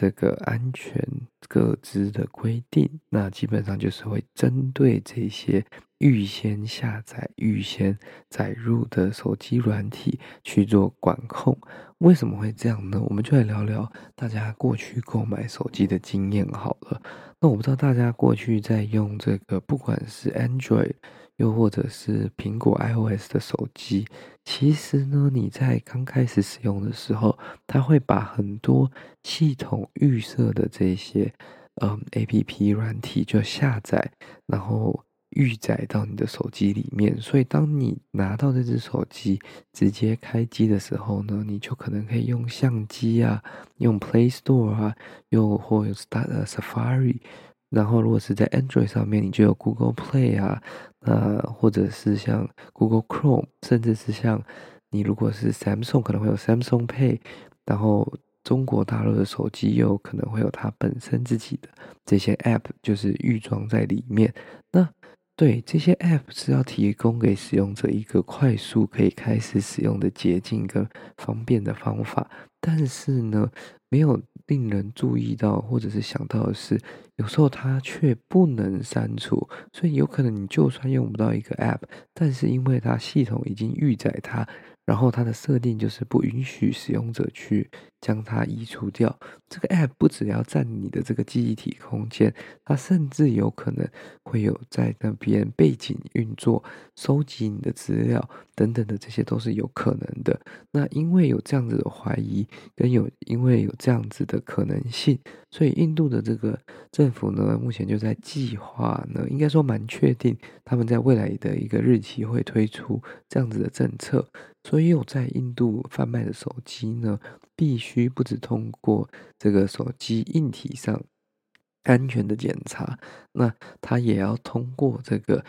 這個安全個資的規定，那基本上就是會針對這些。預先下載、預先載入的手機軟體去做管控，為什麼會這樣呢？我們就來聊聊大家過去購買手機的經驗好了。那我不知道大家過去在用這個，不管是 Android 又或者是蘋果 iOS 的手機，其實呢，你在剛開始使用的時候，它會把很多系統預設的這些，嗯，APP 軟體就下載，然後。預載到你的手機裡面，所以當你拿到這隻手機直接開機的時候呢，你就可能可以用相機啊，用 Play Store 啊，又或有 Safari。然後如果是在 Android 上面，你就有 Google Play 啊，那、呃、或者是像 Google Chrome，甚至是像你如果是 Samsung 可能會有 Samsung Pay。然後中國大陸的手機又可能會有它本身自己的這些 App，就是預裝在裡面。那。對，這些 App 是要提供給使用者一個快速可以開始使用的捷徑跟方便的方法，但是呢，沒有令人注意到或者是想到的是，有時候它卻不能刪除，所以有可能你就算用不到一個 App，但是因為它系統已經預載它。然後它的設定就是不允許使用者去將它移除掉。這個 app 不只要占你的這個記憶體空間，它甚至有可能會有在那邊背景運作、收集你的資料等等的，這些都是有可能的。那因為有這樣子的懷疑，跟有因為有這樣子的可能性，所以印度的這個政府呢，目前就在計劃呢，應該說蠻確定，他們在未來的一個日期會推出這樣子的政策。所以有在印度販賣的手機呢，必須不只通過這個手機硬體上安全的檢查，那它也要通過這個，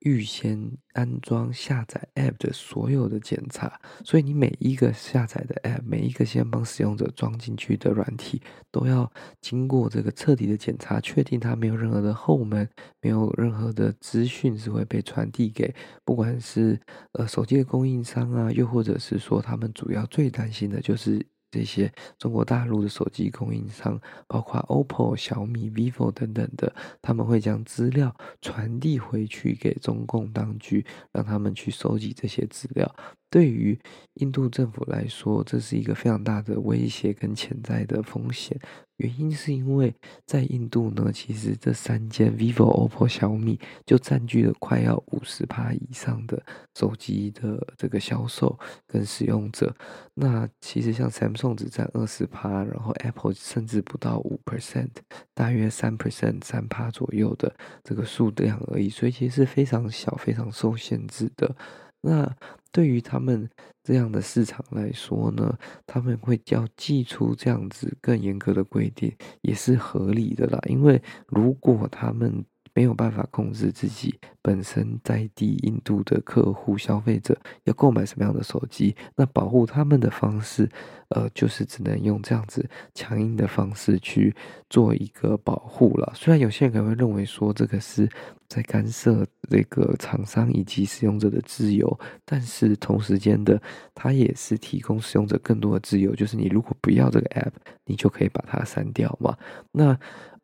預先安裝下載 App 的所有的檢查，所以你每一個下載的 App，每一個先幫使用者裝進去的軟體，都要經過這個徹底的檢查，確定它沒有任何的後門，沒有任何的資訊是會被傳遞給，不管是呃手機的供應商啊，又或者是說他們主要最擔心的就是。這些中國大陸的手機供應商，包括 OPPO、小米、vivo 等等的，他們會將資料傳遞回去給中共當局，讓他們去收集這些資料。對於印度政府來說，這是一個非常大的威脅跟潛在的風險。原因是因為在印度呢，其實這三間 Vivo、OPPO、小米就佔據了快要五十趴以上的手機的這個銷售跟使用者。那其實像 Samsung 只占二十趴，然後 Apple 甚至不到五 percent，大約三 percent 三趴左右的這個數量而已。所以其實是非常小、非常受限制的。那對於他們這樣的市場來說呢，他們會要祭出這樣子更嚴格的規定，也是合理的啦。因為如果他們，沒有辦法控制自己本身在地印度的客戶消費者要購買什麼樣的手機，那保護他們的方式，呃，就是只能用這樣子強硬的方式去做一個保護了。雖然有些人可能會認為說這個是在干涉這個廠商以及使用者的自由，但是同時間的，它也是提供使用者更多的自由，就是你如果不要這個 APP，你就可以把它刪掉嘛。那。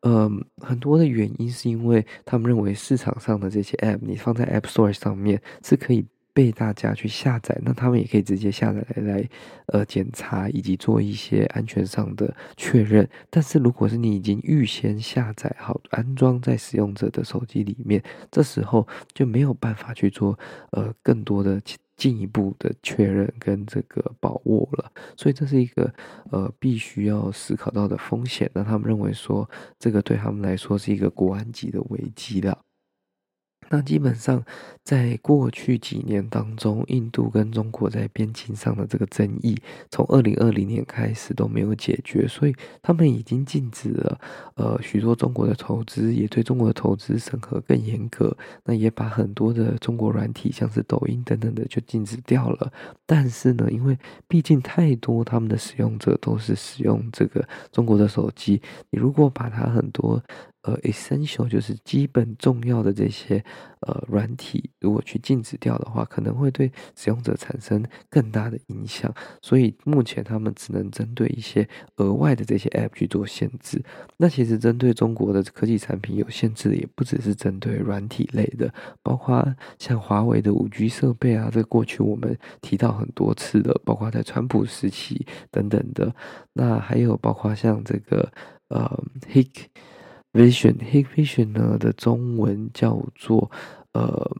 嗯，很多的原因是因為他們認為市場上的這些 app，你放在 App Store 上面是可以被大家去下載，那他們也可以直接下載來,來呃檢查以及做一些安全上的確認。但是如果是你已經預先下載好安裝在使用者的手機裡面，這時候就沒有辦法去做呃更多的其他的。進一步的確認跟這個把握了，所以這是一個呃必須要思考到的風險。那他們認為說，這個對他們來說是一個國安級的危機的。那基本上，在過去幾年當中，印度跟中國在邊境上的這個爭議，從二零二零年開始都沒有解決，所以他們已經禁止了，呃，許多中國的投資，也對中國的投資審核更嚴格。那也把很多的中國軟體，像是抖音等等的，就禁止掉了。但是呢，因為畢竟太多他們的使用者都是使用這個中國的手機，你如果把它很多。呃，Essential 就是基本重要的這些呃軟體，如果去禁止掉的話，可能會對使用者產生更大的影響。所以目前他們只能針對一些額外的這些 APP 去做限制。那其實針對中國的科技產品有限制的，也不只是針對軟體類的，包括像華為的 5G 設備啊，這個，過去我們提到很多次的，包括在川普時期等等的。那還有包括像這個呃 HIK Vision，Hikvision 呢的中文叫做呃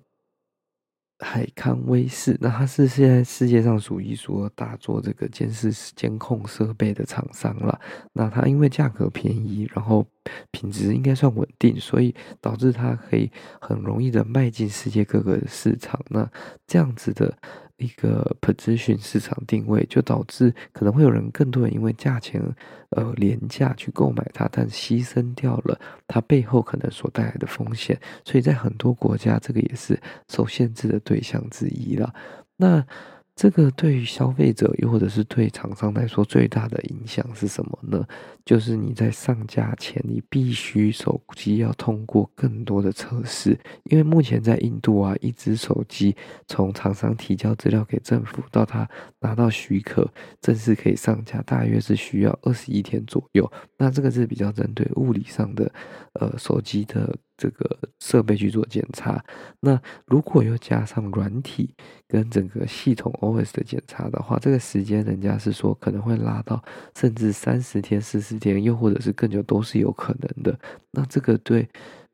海康威視，那它是現在世界上數一數二大做這個監視監控設備的廠商了。那它因為價格便宜，然後品質應該算穩定，所以導致它可以很容易地邁進世界各個市場。那這樣子的。一個資訊市場定位，就導致可能會有人更多人因為價錢，呃廉價去購買它，但犧牲掉了它背後可能所帶來的風險，所以在很多國家，這個也是受限制的對象之一了。那。這個對於消費者又或者是對廠商來說最大的影響是什麼呢？就是你在上架前，你必須手機要通過更多的測試，因為目前在印度啊，一隻手機從廠商提交資料給政府到他拿到許可，正式可以上架，大約是需要二十一天左右。那這個是比較針對物理上的，呃，手機的。這個設備去做檢查，那如果又加上軟體跟整個系統 OS 的檢查的話，這個時間人家是說可能會拉到甚至三十天、四十天，又或者是更久都是有可能的。那這個對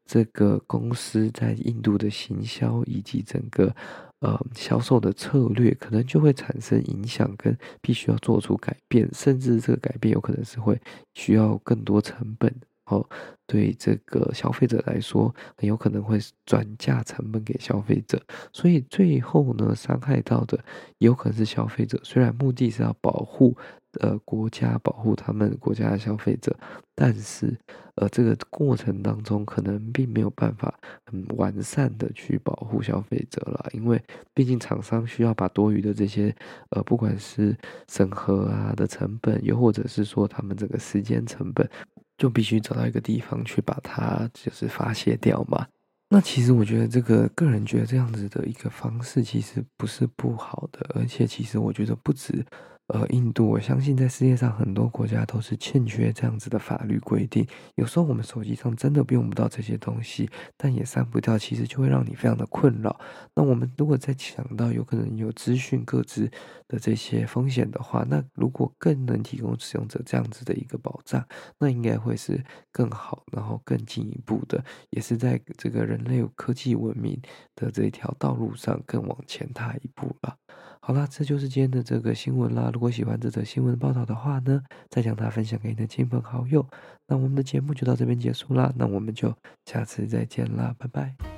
這個公司在印度的行銷以及整個呃銷售的策略，可能就會產生影響，跟必須要做出改變，甚至這個改變有可能是會需要更多成本。哦，對這個消費者來說，很有可能會轉嫁成本給消費者，所以最後呢，傷害到的有可能是消費者。雖然目的是要保護呃國家，保護他們國家的消費者，但是呃這個過程當中，可能並沒有辦法很、嗯、完善的去保護消費者了，因為畢竟廠商需要把多餘的這些呃，不管是審核啊的成本，又或者是說他們這個時間成本。就必須找到一個地方去把它就是發泄掉嘛。那其實我覺得這個，個人覺得這樣子的一個方式其實不是不好的，而且其實我覺得不止。呃，印度，我相信在世界上很多國家都是欠缺這樣子的法律規定。有時候我們手機上真的用不到這些東西，但也刪不掉，其實就會讓你非常的困擾。那我們如果再想到有可能有資訊個資的這些風險的話，那如果更能提供使用者這樣子的一個保障，那應該會是更好，然後更進一步的，也是在這個人類科技文明的這條道路上更往前踏一步了。好啦，這就是今天的這個新聞啦。如果喜歡這則新聞報道的話呢，再將它分享給你的親朋好友。那我們的節目就到這邊結束啦，那我們就下次再見啦，拜拜。